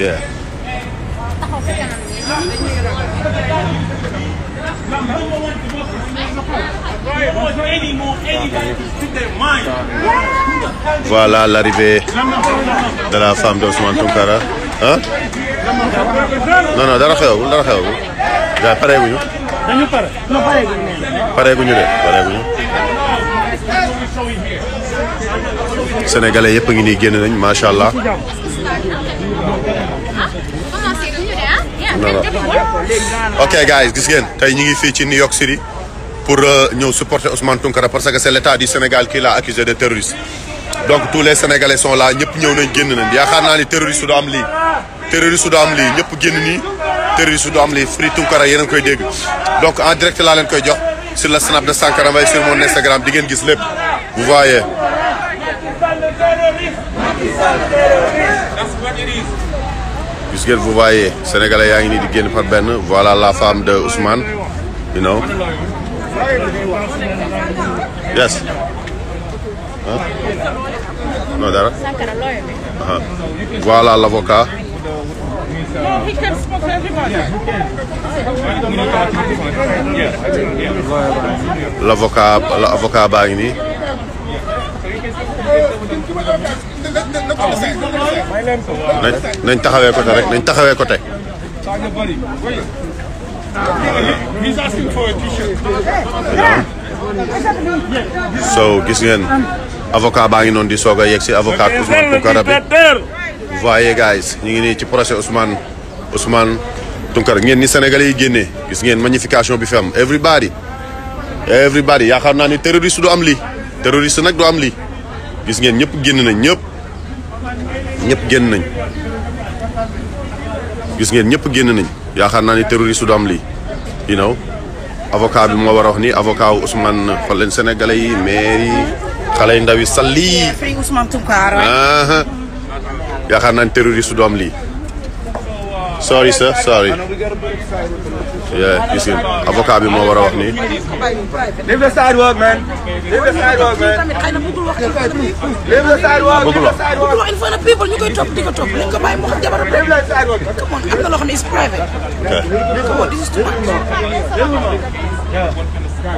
Yeah. Voilà l'arrivée de la femme d'Ousmane Tounkara. Hein? Non, non, dara xewagul dara xewagul. pare guñu. Dañu pare. Non pare de pare guñu. Sénégalais yëpp a ngi nii nañ macha ok guys gis ngeen tey ñu ngi fii ci New York City pour euh, ñëw supporter Ousmane Tounkara parce que c'est l'état du Sénégal qui l'a accusé de terrorisme donc tous les Sénégalais sont la ñëpp ñëw nañ génn nañ yaakaar naa ni terroriste du am lii terroriste du am lii ñëpp génn nii terroriste do am lii Free Tounkara yéen a koy dégg donc en direct laa leen koy jox sur le snap de Sankara Mbaye sur mon Instagram di ngeen gis lépp vous puisque vous yaa ngi benn voilà la femme de Ousmane you know yes non dara voilà l'avocat l'avocat baa ngi nii nañ nañ taxawee côté rek nañ taxawee ko te so gis ngeen avocat baa ngi noon di soog a yegg si avocat Ousmane Tounkara bi voyez guys ñu ngi nii ci procès Ousmane Ousmane Tounkara ngeen ni Sénégalais yi génnee gis ngeen magnification bi fi am everybody everybody yaakaar naa ni terroriste du am li terroriste nag du am li gis ngeen ñëpp génn nañ ñëpp. ñëpp génn nañ gis ngeen ñëpp génn nañ yaakaar naa ni terroriste du am lii dinaw know bi moo war a wax ni avocat wu Ousmane fan leen sénégalais yi maire xale yu ndaw yi salli ah, ah. yaakaar naa ni terroriste du am lii sorry sir sorry yeah gis ngeen avocat bi moo war a wax nii. leave the sidewalk man. leave the sidewalk man. leave the sidewalk. bëggul wax in front of people ñu koy topp di ko topp nañu ko bàyyi mu xam jabaram. leave the sidewalk. come on am na loo xam ne is private. ok. come on this is too much. to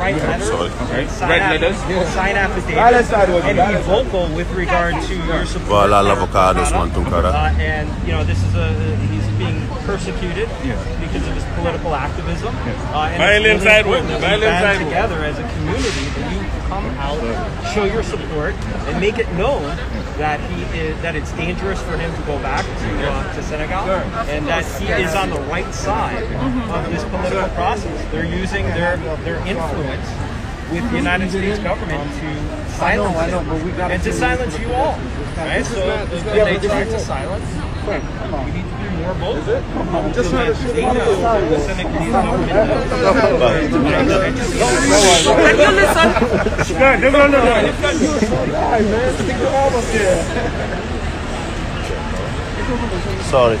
write letters, write letters, sign affidavits, and be vocal with regard to your support. Voilà l'avocat d'Ousmane Tounkara. Uh, and you know this is a he's being persecuted yeah. because of his political activism. Yeah. Uh, and Violin it's really important that we band together as a community that you come out, show your support, and make it known that he is that it's dangerous for him to go back to, uh, to Senegal, sure. and that he is on the right side mm-hmm. of this political process. They're using their their influence with the United States government to silence I know, I know, but we got and to silence you all. Right? So yeah, they try to silence. We need to do more both. Just so that they know the Senegalese government. Can you listen? No, no, no, no. Stick to all of here. Sorry.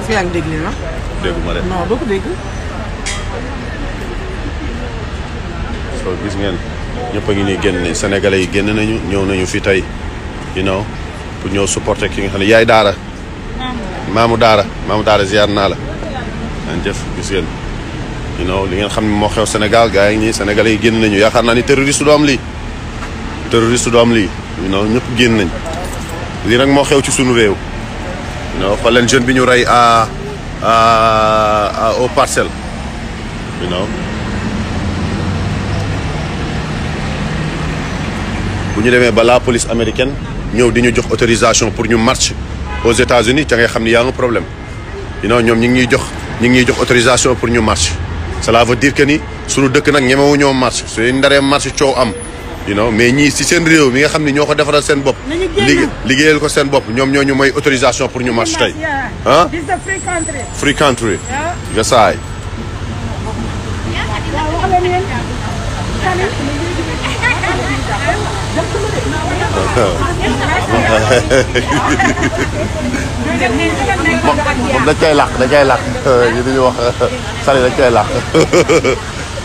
est-ce que yaa dégg lii nag. Ah? dégguma gis ngeen ñëpp a ngi nii génn nañ sénégalais yi génn nañu ñëw nañu fi tey you know pour ñëw supporter ki nga xam ne yaay daara maamu daara maamu daara ziar naa la daan jëf gis ngeen you know li ngeen xam ne moo xew sénégal gars ngi nii sénégalais yi génn nañu yaakaar naa ni terroriste doom am lii terroriste du lii non ñëpp génn nañ lii nag moo xew ci sunu réew non jeune bi ñu rey à à aux demee ba la police ñëw di ñu jox autorisation pour ñu marche aux États-Unis ca ngay xam ni yaa ngi problème non ñoom ñu ngi ñuy jox ñu ngi ñuy jox autorisation pour ñu marche cela veut dire que ni sunu dëkk nag ñemewu ñoo marche suñu ndaree marche coow am. you know mais ñii si seen réew mi nga xam ne ñoo ko defaral seen bopp. liggéeyal ko seen bopp ñoom ñoo ñu may autorisation pour ñu marche tey. ah a free country. moom dañ koy làq dañ koy làq yi dañuy wax sari dañ koy làq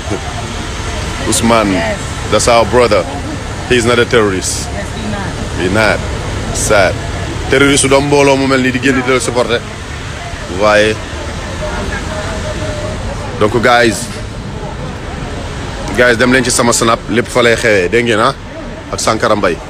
Ousmane. That's our brother. He's not a terrorist. Yes, he's not. Sad. terroriste su mbooloo mu mel nii di génn di la supporter waaye donc guys guys dem leen ci sama snap lépp fa lay xewee dégg ngeen ah ak Sankara Mbaye